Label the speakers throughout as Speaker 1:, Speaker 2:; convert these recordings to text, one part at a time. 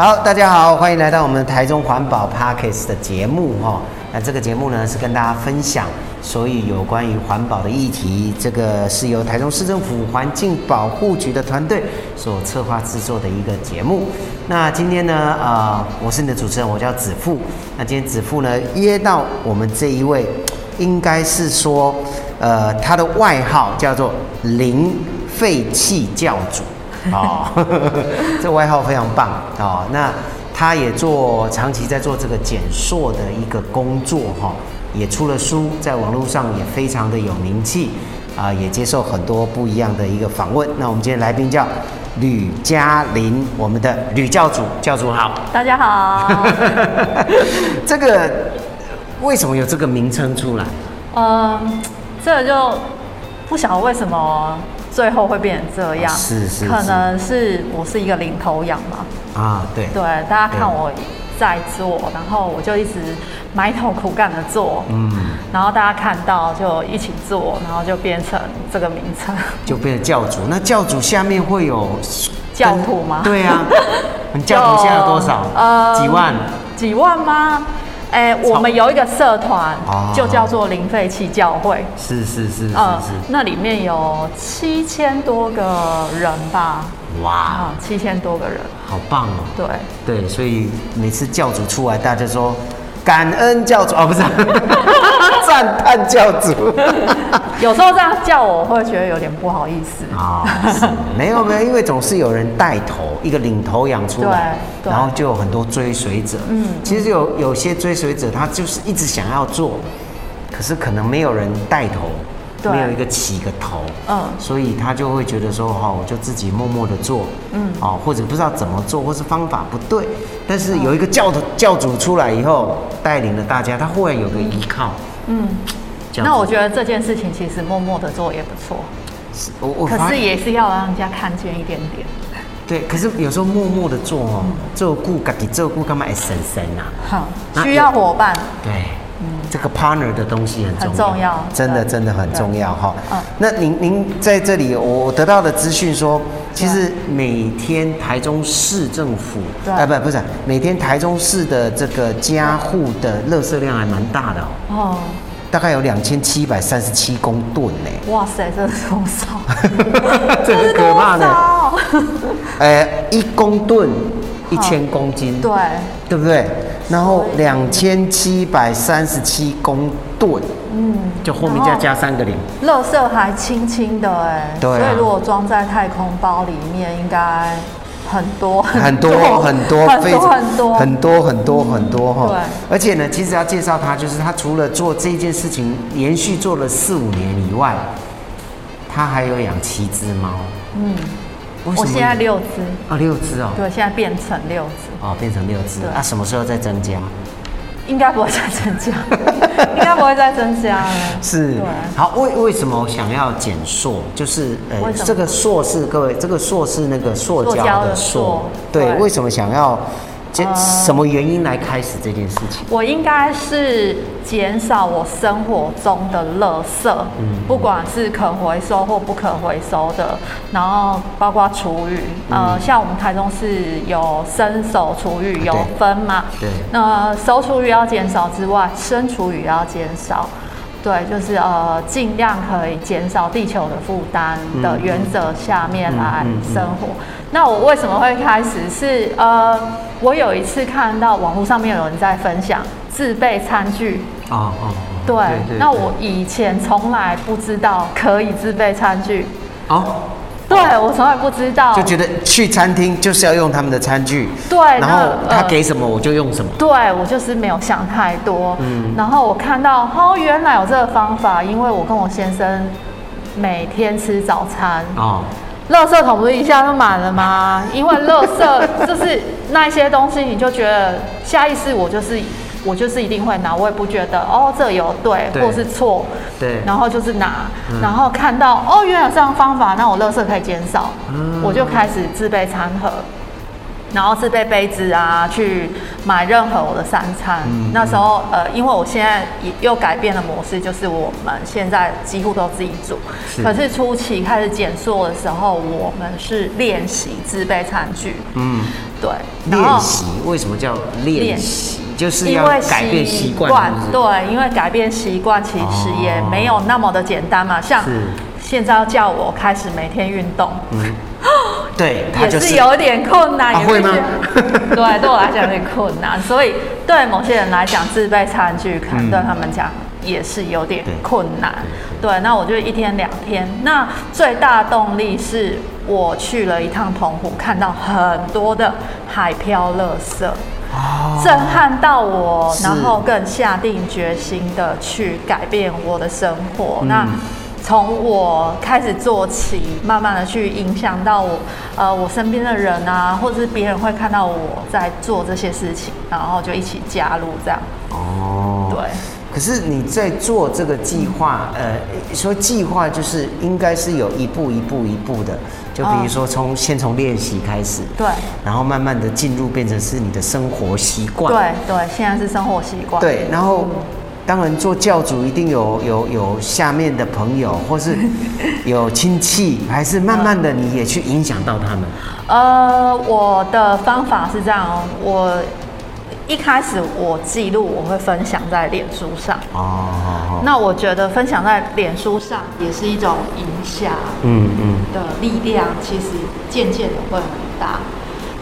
Speaker 1: 好，大家好，歡迎來到我們台中環保 Podcast 的節目哈。那這個節目呢，是跟大家分享所以有關於環保的議題。這個是由台中市政府環境保護局的團隊所策劃製作的一個節目。那今天呢，呃，我是你的主持人，我叫子富。那今天子富呢，約到我們這一位，應該是說，呃，他的外號叫做零廢棄教主。哦， 這外號非常棒哦，那他也做長期在做這個減塑的一個工作哈，也出了書，在網絡上也非常的有名氣啊，也接受很多不一樣的一個訪問。那我們今天來賓叫呂嘉齡，我們的呂教主，教主好，大家好。 這個為什麼有這個名稱出來？嗯、
Speaker 2: 呃，這個就不曉得為什麼。最後會變成這樣，哦、是是，是，是可能是我是一個領頭羊嘛。
Speaker 1: 啊，對對，大家看我
Speaker 2: 在做，然後我就一直埋頭苦幹的做，嗯，然後大家看到就一起做，然後就變成這個名稱，
Speaker 1: 就變成教主。那教主下面會有
Speaker 2: 教徒嗎？對啊，
Speaker 1: 教徒現在有多少？呃，幾萬？
Speaker 2: 幾萬嗎？哎、欸，我們有一個社團、哦，就叫做零廢棄教會。
Speaker 1: 是、哦、是是，是，是，、呃、是，是，是
Speaker 2: 那裡面有七千多個人吧？哇，呃、七千多個人，
Speaker 1: 好棒哦！對對，所以每次教主出來，大家說。感恩教主啊、哦、不是讚嘆 教主。
Speaker 2: 有時候這樣叫我,我會覺得有點不好意思
Speaker 1: 啊、哦。沒有沒有， 因為總是有人帶頭，一個領頭羊出來對對，然後就有很多追隨者。嗯，其實有有些追隨者他就是一直想要做，嗯、可是可能沒有人帶頭。沒有一個起個頭，嗯，所以他就會覺得說哈，我就自己默默的做，嗯，或者不知道怎麼做，或是方法不對，但是有一個教的、嗯、教主出來以後，帶領了大家，他忽然有個依靠嗯，嗯，那我
Speaker 2: 覺得這件事情其實默默的做也不錯，
Speaker 1: 是，我我可是也是
Speaker 2: 要讓人家看見一點點，
Speaker 1: 對，可是有時候默默的做哦、嗯，做骨這做骨幹嘛，也神神啊，
Speaker 2: 好、嗯，需要夥伴，
Speaker 1: 對。嗯、這個 partner 的東西很重要，重要真的真的真的很重要哈、哦。那您您在這裡，我得到的資訊說，其實每天台中市政府，啊不、呃、不是、啊、每天台中市的這個家戶的垃圾量還蠻大的哦，大概有兩千七百三十七公噸呢。
Speaker 2: 哇塞，這是好少 這是，這是多少？這
Speaker 1: 很可怕呢。一公噸一千公斤，嗯、對對不對？然後兩千七百三十七公噸，
Speaker 2: 嗯，就
Speaker 1: 後面再加三個零，
Speaker 2: 垃圾還輕輕的哎，對、啊，所以如果裝在太空包裡面，應該很多很多很多很多很多，非常很多很
Speaker 1: 多很多，嗯、很多很多哈，對，而且呢，其實要介紹他，就是他除了做這件事情，連續做了四五年以外，他還有養七隻貓，嗯。我
Speaker 2: 現
Speaker 1: 在六隻啊、哦，六隻哦。對，現在
Speaker 2: 變成六
Speaker 1: 隻哦，變成六隻。那、啊、什麼時候再增加？
Speaker 2: 應該不會再增加， 應該不會再增加了。
Speaker 1: 是，對好，為為什麼想要減塑？就是呃、欸，這個塑是各位這個塑是那個塑膠的塑，對，為什麼想要？什麼原因來開始這件事情、呃，
Speaker 2: 我應該是減少我生活中的垃圾，嗯，嗯，不管是可回收或不可回收的，然後包括廚餘，嗯、呃，像我們台中是有生熟廚餘有分嘛。對，那、呃、熟廚餘要減少之外，生廚餘要減少。對，就是呃，盡量可以減少地球的負擔的原則下面來生活。嗯嗯嗯嗯嗯。那我為什麼會開始是？是呃，我有一次看到網路上面有人在分享自備餐具啊
Speaker 1: 啊！哦哦，對，對，對，對，對，那我
Speaker 2: 以前從來不知道可以自備餐具。哦對，我從來不知道，哦，就覺得
Speaker 1: 去餐廳就是要用他們的餐具，
Speaker 2: 對，然後他給
Speaker 1: 什麼、呃、我就用什麼。
Speaker 2: 對，我就是沒有想太多。嗯，然後我看到哦，原來有這個方法，因為我跟我先生每天吃早餐哦，垃圾桶不是一下就滿了嗎？因為垃圾就是那些東西，你就覺得下意識我就是。我就是一定會拿，我也不覺得哦，這有對或是錯，對，對，然後就是拿，嗯、然後看到哦，原來有這樣的方法，那我垃圾可以減少，嗯，我就開始自備餐盒，然後自備杯子啊，去買任何我的三餐。嗯、那時候呃，因為我現在又改變了模式，就是我們現在幾乎都自己煮，可是初期開始減塑的時候，我們是練習自備餐具，嗯，
Speaker 1: 對，然後練習為什麼叫練習？練習就是要改變習慣，
Speaker 2: 對，因為改變習慣其實也沒有那麼的簡單嘛。哦、像現在要叫我開始每天運動，
Speaker 1: 嗯、對他就是、也是有
Speaker 2: 點困難，啊、會嗎？ 對，對我來講有點困難， 所以對某些人來講，自備餐具，可能對他們講、嗯、也是有點困難。對，對對對，那我就一天兩天。那最大動力是我去了一趟澎湖，看到很多的海漂垃圾。Oh, 震撼到我，然後更下定決心的去改變我的生活。嗯。那從我開始做起，慢慢的去影響到我，呃，我身邊的人啊，或者是別人會看到我在做這些事情，然後就一起加入這樣。哦
Speaker 1: ，Oh，對。可是你在做這個計劃，呃，說計劃就是應該是有一步一步一步的。就比如說從，從、哦、先從練習開始，對，然後慢慢的進入，變成是你的生活習慣。對
Speaker 2: 對，現在是生活習慣。對，然
Speaker 1: 後、嗯、當然做教主一定有有有下面的朋友，或是有親戚， 還是慢慢的你也去影響到他們、
Speaker 2: 嗯。呃，我的方法是這樣哦，我。一開始我記錄，我會分享在臉書上。哦，那我覺得分享在臉書上也是一種影響，嗯嗯，的力量其實漸漸的會很大，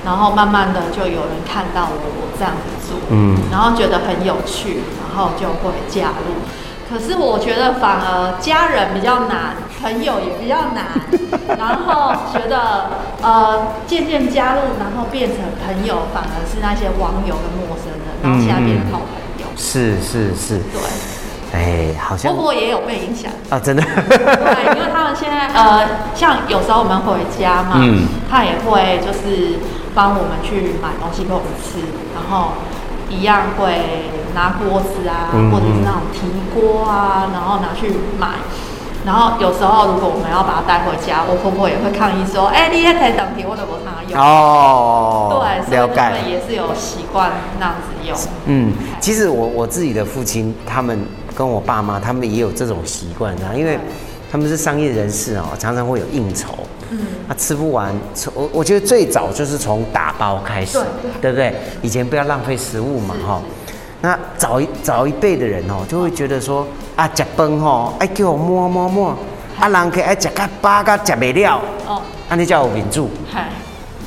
Speaker 2: 然後慢慢的就有人看到了我這樣子做，嗯，然後覺得很有趣，然後就會加入。可是我覺得反而家人比較難。朋友也比較難， 然後覺得呃漸漸加入，然後變成朋友，反而是那些網友跟陌生人。然後現在變成好朋友。
Speaker 1: 是是是。對。哎、欸，好像。不過也
Speaker 2: 有被影響啊，真的。對，因為他們現在呃，像有時候我們回家嘛，嗯、他也會就是幫我們去買東西給我們吃，然後一樣會拿鍋子啊、嗯，或者是那種提鍋啊，然後拿去買。然後有時候，如果我們要把它帶回家，我
Speaker 1: 婆婆也會抗議說：“哎、欸，你在台上提，我都不想用。”哦，了解。對，所以他們也是有習慣那樣子
Speaker 2: 用。
Speaker 1: 嗯，其實我我自己的父親，他們跟我爸媽，他們也有這種習慣啊，因為他們是商業人士、喔、常常會有應酬。嗯。他吃不完，我我覺得最早就是從打包開始，對對不對，對，對？以前不要浪費食物嘛，哈。那早一早一輩的人哦、喔，就會覺得說。啊，食飯吼，愛叫我摸摸摸。啊，人客愛食甲飽甲食袂了，哦，安、啊、你叫我名字，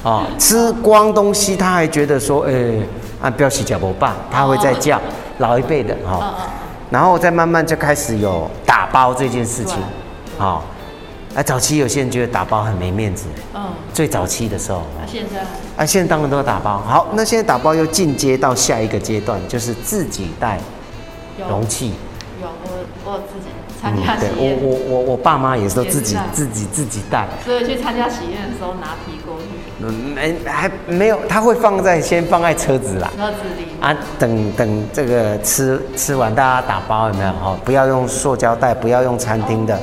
Speaker 1: 哦，吃光東西他還覺得說，誒、欸，啊，表示腳，無飽，他會再叫。哦、老一輩的吼、嗯哦嗯，然後再慢慢就開始有打包這件事情，好、嗯哦，啊，早期有些人覺得打包很沒面子，嗯，最早期的時候，啊，
Speaker 2: 現
Speaker 1: 在，啊，現在當然都要打包。好，那現在打包又進階到下一個階段，就是自己帶
Speaker 2: 容器。參、嗯、對我我
Speaker 1: 我我爸媽也是自己是自己自己，自己帶，所以
Speaker 2: 去參加喜宴的時候拿提鍋
Speaker 1: 具，沒還沒有，他會放在先放在車子啦，車子裡啊，等等這個吃吃完大家打包有沒有？哦，不要用塑膠袋，不要用餐廳的、哦、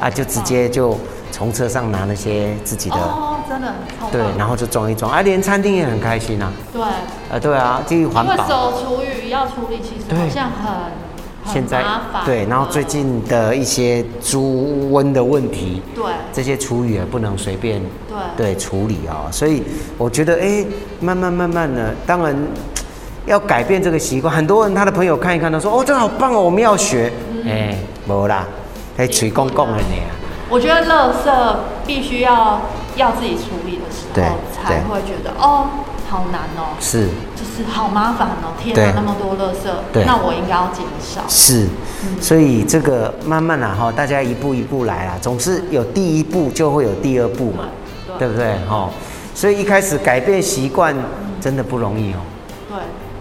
Speaker 1: 的，啊，就直接就從車上拿那些自己的，哦，
Speaker 2: 真的，
Speaker 1: 的，對，然後就裝一裝，啊，連餐廳也很開心啊，對，啊，對啊，繼續環保，那時
Speaker 2: 廚餘要處理，其實好像很。
Speaker 1: 現在對，然後最近的一些豬瘟的問題，對，這些廚餘也不能隨便對對處理喔。所以我覺得欸，慢慢慢慢的，當然要改變這個習慣。很多人他的朋友看一看，他說哦，真的好棒喔，我們要學。嗯，欸，沒啦，以吹公共的。
Speaker 2: 我覺得垃圾必須要要自己處理的時候，才會覺得哦，好難喔。是。是好麻煩哦，天啊，那麼多垃圾，對那我應該要減少。是，
Speaker 1: 所以這個慢慢啦，哈，大家一步一步來啦、啊，總是有第一步就會有第二步嘛，對不對？哦，所以一開始改變習慣真的不容易哦。對。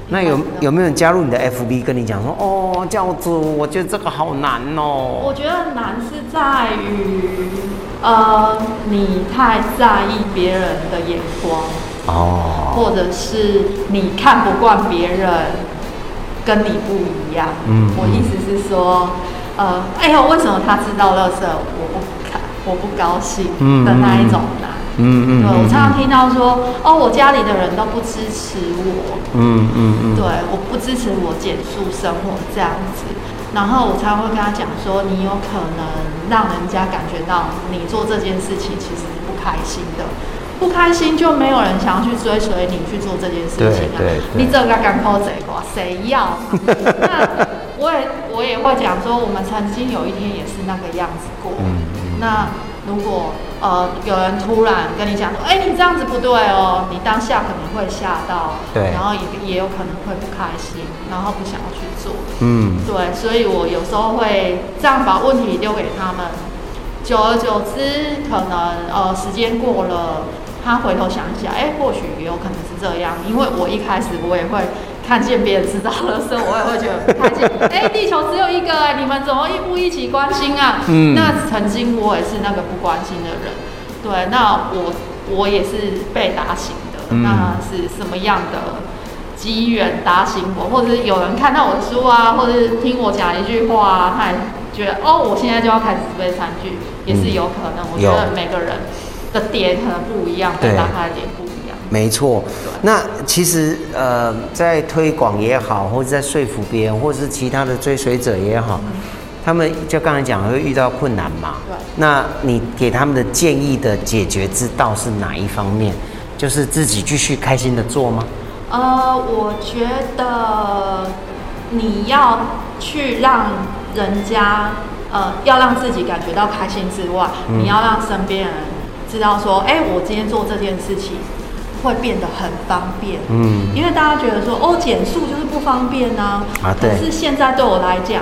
Speaker 1: 那有有沒有人加入你的 FB 跟你講說，哦，教主，我覺得這個好難哦。我
Speaker 2: 覺得難是在於，呃，你太在意別人的眼光。哦、oh.，或者是你看不慣別人跟你不一樣。嗯、mm -hmm.，我意思是說，呃，哎呦，為什麼他知道垃圾我不開我不高興的那一種呢、啊？嗯嗯，對，我常常聽到說，哦，我家裡的人都不支持我。嗯、
Speaker 1: mm、嗯 -hmm. 對，
Speaker 2: 我不支持我減塑生活這樣子，然後我才會跟他講說，你有可能讓人家感覺到你做這件事情其實不開心的。不開心就沒有人想要去追隨你去做這件事情啊！你這個剛口誰過，誰要？ 那我也我也會講說，我們曾經有一天也是那個樣子過。嗯嗯、那如果呃有人突然跟你講說，哎、欸，你這樣子不對哦，你當下可能會嚇到，對，然後也也有可能會不開心，然後不想要去做。嗯，對，所以我有時候會這樣把問題丟給他們，久而久之，可能呃時間過了。他回頭想一想，哎、欸，或許也有可能是這樣，因為我一開始我也會看見別人製造的時候，我也會覺得開心，哎、欸，地球只有一個、欸，哎，你們怎麼一不一起關心啊？嗯，那曾經我也是那個不關心的人，對，那我我也是被打醒的，嗯、那是什麼樣的機緣打醒我？或者是有人看到我的書啊，或者聽我講一句話、啊，他還覺得哦，我現在就要開始備餐具，也是有可能。嗯、我覺得每個人的點可能不一樣，對，到他的點不
Speaker 1: 一樣，沒錯。那其實呃，在推廣也好，或者在說服別人，或者是其他的追隨者也好，嗯、他們就剛才講會遇到困難嘛。對。那你給他們的建議的解決之道是哪一方面？就是自己繼續開心的做嗎？
Speaker 2: 呃，我覺得你要去讓人家呃，要讓自己感覺到開心之外，嗯、你要讓身邊人。知道說，哎、欸，我今天做這件事情會變得很方便。嗯，因為大家覺得說，哦，減速就是不方便呢、啊。啊，對。但是現在對我來講，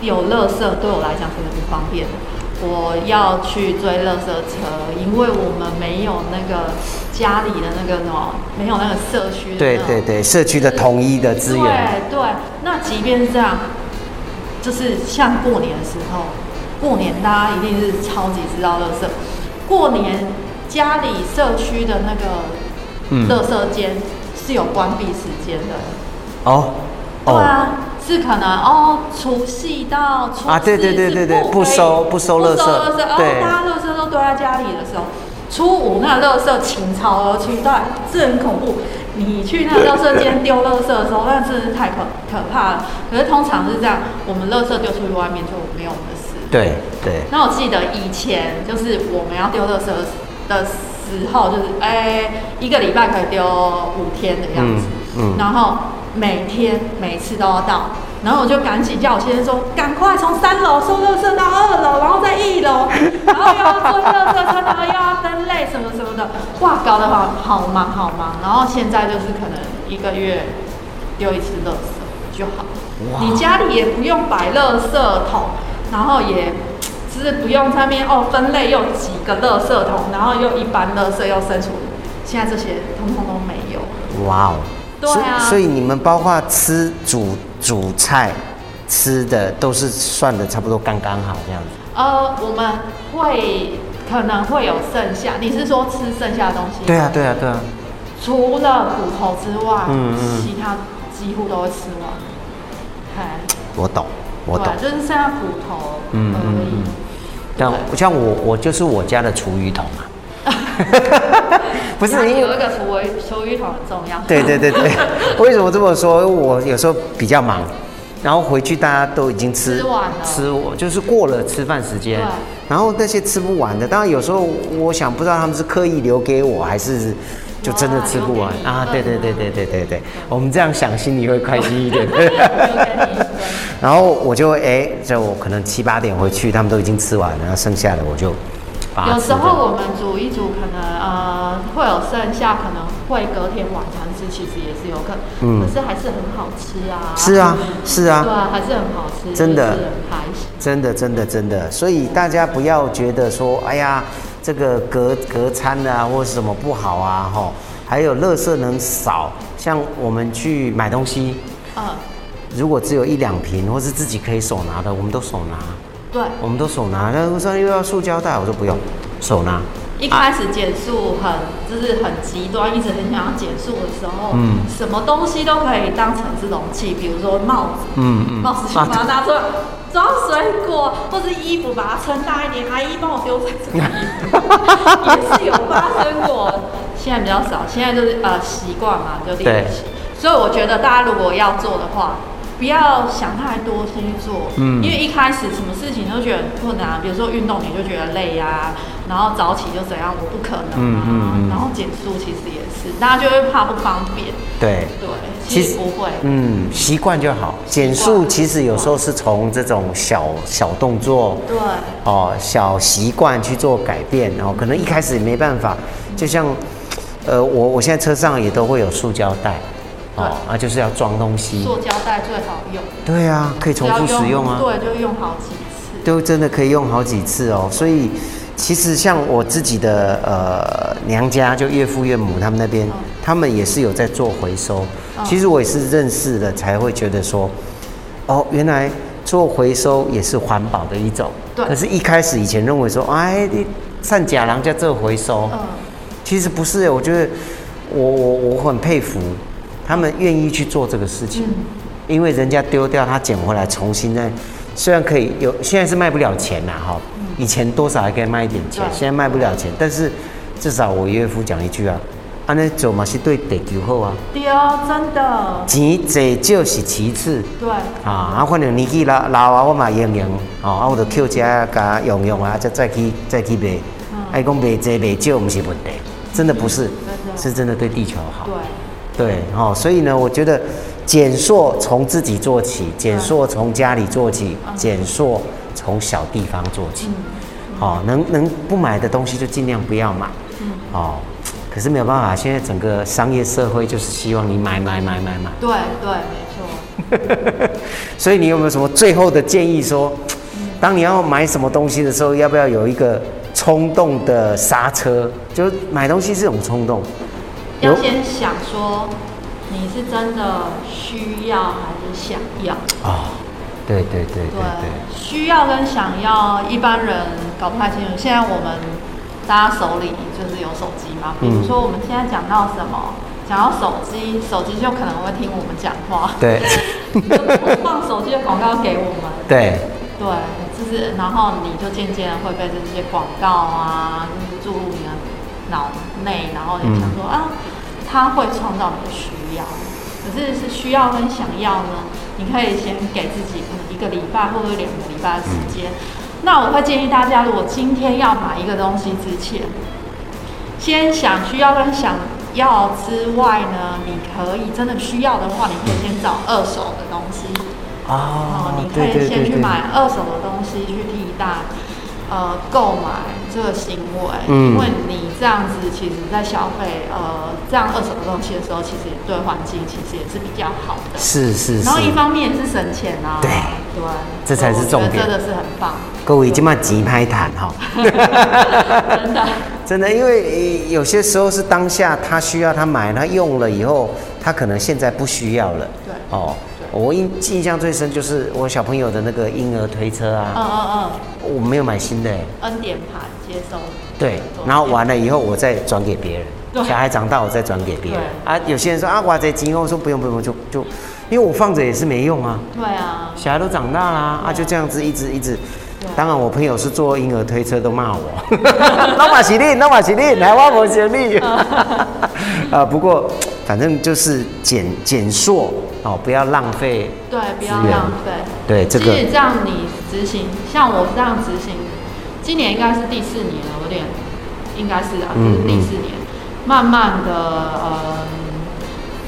Speaker 2: 有垃圾對我來講真的不方便。我要去追垃圾車，因為我們沒有那個家裡的那個呢，沒有那個社區。對對
Speaker 1: 對，社區的統一的資源。對
Speaker 2: 對，那即便是這樣，就是像過年的時候，過年大家一定是超級知道垃圾。過年家裡社區的那個，嗯，垃圾間、嗯、是有關閉時間的。
Speaker 1: 哦，對啊，
Speaker 2: 是可能哦，除夕到初四啊，
Speaker 1: 對對對對對，不收不收垃圾，不收垃圾，哦，大家
Speaker 2: 垃圾都堆在家裡的時候，初五那個垃圾傾巢而出，對，是很恐怖。你去那個垃圾間丟垃圾的時候，那真是太可可怕了。可是通常是這樣，我們垃圾丟出去外面就沒有。對對，那我記得以前就是我們要丟垃圾的時候，就是哎、欸，一個禮拜可以丟五天的樣子，嗯，嗯然後每天每次都要到，然後我就趕緊叫我先生說，趕快從三樓收垃圾到二樓，然後再一樓，然後又要做垃圾，然 後又要分類什麼什麼的，哇，搞得好好忙好忙，然後現在就是可能一個月丟一次垃圾就好，你家裡也不用擺垃圾桶。然後也就是不用上面哦，分類又幾個垃圾桶，然後又一般垃圾又生出，現在這些通通都沒有。
Speaker 1: 哇哦！對啊所。所以你們包括吃、煮、煮菜、吃的都是算得差不多剛剛好這樣子。
Speaker 2: 呃，我們會可能會有剩下，你是說吃剩下的東西？對啊，對啊，對啊。除了骨頭之外，嗯嗯，其他幾乎都會吃完。看，
Speaker 1: 我懂。我懂，
Speaker 2: 就是
Speaker 1: 像骨頭，嗯嗯，嗯但像像我，我就是我家的廚餘桶嘛。 不是有一你有那個
Speaker 2: 廚廚餘桶很重要。對對
Speaker 1: 對對，對， 為什麼這麼說？因為我有時候比較忙， 然後回去大家都已經吃吃，吃我，就是過了吃飯時間，然後那些吃不完的，當然有時候我想不知道他們是刻意留給我，還是就真的吃不完啊？對對對對對對對，對， 我們這樣想心裡會開心一點。 然後我就哎、欸，就我可能七八點回去，他們都已經吃完，然後剩下的我就把，有時候
Speaker 2: 我們煮一煮，可能呃會有剩下，可能會隔天晚餐吃，其實也是有可，嗯，可是還是很好吃啊。是啊，是啊，對啊，還是很好吃。真的，開、就是、
Speaker 1: 真的，真的，真的，所以大家不要覺得說，哎呀，這個隔隔餐啊，或者什麼不好啊，哈，還有垃圾能少，像我們去買東西，嗯。如果只有一兩瓶，或是自己可以手拿的，我們都手拿。
Speaker 2: 對，我
Speaker 1: 們都手拿。那說又要塑膠袋，我說不用，手拿。
Speaker 2: 一開始減塑很、啊、就是很極端，一直很想要減塑的時候，嗯，什麼東西都可以當成是容器，比如說帽子，嗯嗯，帽子去把它拿出來裝、啊、水果，或是衣服把它撐大一點。阿姨幫我丟在這裡， 也是有發生過。現在比較少，現在就是呃習慣嘛，就練對。所以我覺得大家如果要做的話。不要想太多，先去做。嗯，因為一開始什麼事情都覺得困難，比如說運動你就覺得累呀、啊，然後早起就怎樣，我不可能、啊、嗯，嗯，然後減速其實也是，大家就會怕不方便。對
Speaker 1: 對，對，其
Speaker 2: 實不會。
Speaker 1: 嗯，習慣就好。減速其實有時候是從這種小小動作，對哦，小習慣去做改變，然後可能一開始也沒辦法。就像，呃，我我現在車上也都會有塑膠袋。啊、哦，就是要裝東西。塑膠袋最好用。對啊，可以重複使用啊。用對，
Speaker 2: 就用好幾次。
Speaker 1: 對，真的可以用好幾次哦，所以其實像我自己的呃娘家，就岳父岳母他們那邊、嗯，他們也是有在做回收。嗯、其實我也是認識了，才會覺得說，哦，原來做回收也是環保的一種。對。可是，一開始以前認為說，哎，你上假郎家做回收，嗯、其實不是、欸。我覺得我，我我我很佩服。他們願意去做這個事情，嗯、因為人家丟掉，他撿回來重新再，雖然可以有，現在是賣不了錢吶哈，以前多少還可以賣一點錢，嗯、現在賣不了錢，但是至少我岳父講一句啊，啊，那走嘛是對地球好啊，
Speaker 2: 對真的，
Speaker 1: 錢多就是其次，對，啊，啊，反正年紀老老啊，我嘛用用，啊，我得撿些加用用啊，再去再去再去賣，哎、嗯，講賣多賣少不是問題，真的不是真的，是真的對地球好，對。對哦，所以呢，我覺得，減塑從自己做起，減塑從家裡做起，減塑從小地方做起，嗯、哦，能能不買的東西就盡量不要買，嗯、哦，可是沒有辦法，嗯，現在整個商業社會就是希望你買買買買買。
Speaker 2: 對對，沒錯。
Speaker 1: 所以你有沒有什麼最後的建議？說，當你要買什麼東西的時候，嗯，要不要有一個衝動的剎車？就買東西這種衝動。要先
Speaker 2: 想說，你是真的需要還是想要？
Speaker 1: 哦，啊，對對對對，
Speaker 2: 需要跟想要一般人搞不太清楚。現在我們大家手裡就是有手機嘛，比如說我們現在講到什麼，嗯、講到手機，手機就可能會聽我們講話，對，
Speaker 1: 不
Speaker 2: 放手機的廣告給我們，對，對，就是然後你就漸漸會被這些廣告啊、就是、注入你，你啊。腦內，然後你想說、嗯、啊，他會創造你的需要，可是是需要跟想要呢？你可以先給自己一個禮拜，或者兩個禮拜的時間、嗯。那我會建議大家，如果今天要買一個東西之前，先想需要跟想要之外呢，你可以真的需要的話，你可以先找二手的東西啊，然後你可以先
Speaker 1: 去買二手的東西、啊、然後你可以先去買
Speaker 2: 二手的東西、對對對對、去替代呃購買。這個行為，因為你這樣子，其實在消費，呃，這樣二手的東西的時候，其實對環境其實也是比較好
Speaker 1: 的。是是是。然後一方
Speaker 2: 面也是省錢啊。對對，這才是重點。真的是很棒。
Speaker 1: 各位已經把急拍談哈。哦、 真的真的，因為有些時候是當下他需要，他買他用了以後，他可能現在不需要了。對。哦對，我印象最深就是我小朋友的那個嬰兒推車啊。嗯嗯嗯。我沒有買新的耶。恩
Speaker 2: 典牌。接受
Speaker 1: 對，然後完了以後我再轉給別人，小孩長大我再轉給別人啊。有些人說啊，我在今後我說不用不用就就，因為我放着也是沒用啊。對啊，小孩都長大啦，啊啊，啊，就這樣子一直一直。啊，當然我朋友是做嬰兒推車都罵我，老麼吉利，老麼吉利，來娃我吉利。 啊，不過反正就是減減碩哦，不要浪費，
Speaker 2: 對，不要浪費，對這個。其實這樣你執行，像我這樣執行。今年應該是第四年了，我有點應該是啊，嗯嗯，是第四年，慢慢的，呃，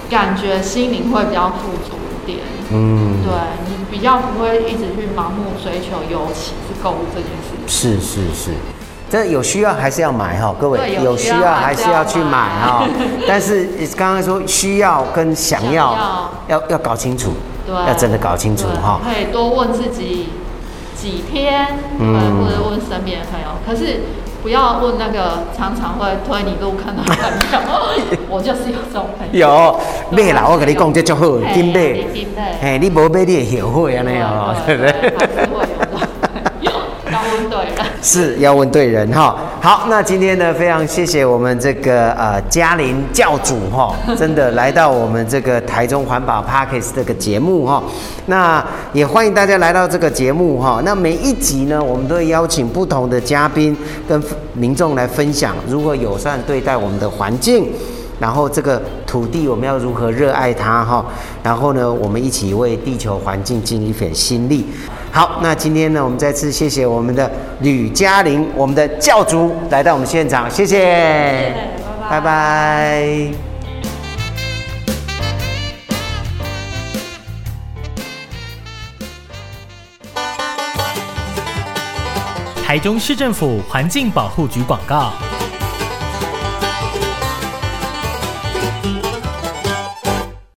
Speaker 2: 感覺心靈會比較富足
Speaker 1: 一點。嗯對，對
Speaker 2: 你比較不會一直去盲目追求，尤其是購物
Speaker 1: 這件事。是是是，這有需要還是要買哈，各位有需、有需要還是要去買哈。 但是剛剛說需要跟想要想要，要要搞清楚，
Speaker 2: 對，要真的搞清楚哈。可以多問自己。幾天，嗯，
Speaker 1: 或者問
Speaker 2: 身邊的朋友，可是不要問那個常常會推你入坑的朋友。 我就是有這種朋友。有咩？啦！我跟你講，這最、個、好，欸、金買，哎，
Speaker 1: 你冇買，你會後悔啊，你。對對對 是要問對人哈。好，那今天呢，非常謝謝我們這個呃嘉齡教主哈，真的來到我們這個台中環保 Podcast 這個節目哈。那也歡迎大家來到這個節目哈。那每一集呢，我們都會邀請不同的嘉賓跟民眾來分享如何友善對待我們的環境，然後這個土地我們要如何熱愛它哈。然後呢，我們一起為地球環境盡一份心力。好，那今天呢，我們再次謝謝我們的呂嘉齡，我們的教主來到我們現場，謝謝，謝謝謝謝拜、拜、拜拜。台中市政府環境保護局廣告。